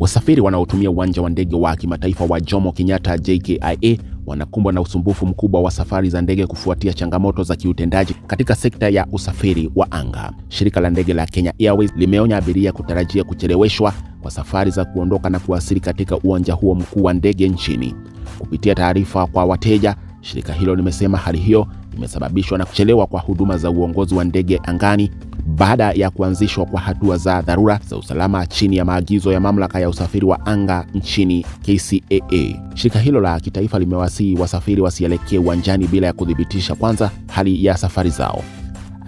Wasafiri wanaotumia uwanja wa ndege wa kimataifa wa Jomo Kenyatta JKIA wanakumbwa na usumbufu mkubwa wa safari za ndege kufuatia changamoto za kiutendaji katika sekta ya usafiri wa anga. Shirika la ndege la Kenya Airways limeonya abiria kutarajia kucheleweshwa kwa safari za kuondoka na kuwasili katika uwanja huo mkuu wa ndege nchini. Kupitia taarifa kwa wateja, shirika hilo limesema hali hiyo imesababishwa na kuchelewa kwa huduma za uongozi wa ndege angani baada ya kuanzishwa kwa hatua za dharura za usalama chini ya maagizo ya mamlaka ya usafiri wa anga nchini KCAA. Shirika hilo la kitaifa limewasihi wasafiri wasielekee uwanjani bila ya kuthibitisha kwanza hali ya safari zao.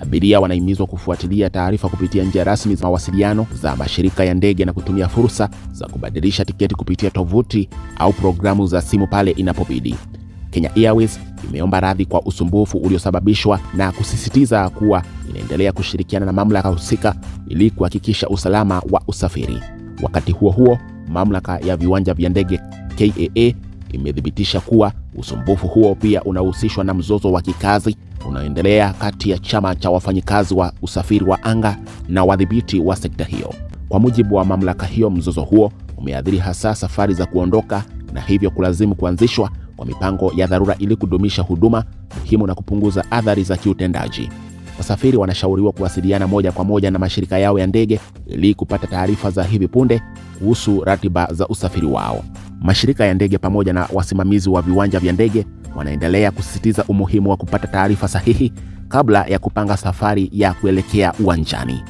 Abiria wanahimizwa kufuatilia taarifa kupitia njia rasmi za mawasiliano za mashirika ya ndege na kutumia fursa za kubadilisha tiketi kupitia tovuti au programu za simu pale inapobidi. Kenya Airways imeomba radhi kwa usumbufu uliosababishwa na kusisitiza kuwa inaendelea kushirikiana na mamlaka husika ili kuhakikisha usalama wa usafiri. Wakati huo huo, mamlaka ya viwanja vya ndege KAA imethibitisha kuwa usumbufu huo pia unahusishwa na mzozo wa kikazi unaoendelea kati ya chama cha wafanyikazi wa usafiri wa anga na wadhibiti wa sekta hiyo. Kwa mujibu wa mamlaka hiyo, mzozo huo umeathiri hasa safari za kuondoka na hivyo kulazimu kuanzishwa kwa mipango ya dharura ili kudumisha huduma muhimu na kupunguza athari za kiutendaji. Wasafiri wanashauriwa kuwasiliana moja kwa moja na mashirika yao ya ndege ili kupata taarifa za hivi punde kuhusu ratiba za usafiri wao. Mashirika ya ndege pamoja na wasimamizi wa viwanja vya ndege wanaendelea kusisitiza umuhimu wa kupata taarifa sahihi kabla ya kupanga safari ya kuelekea uwanjani.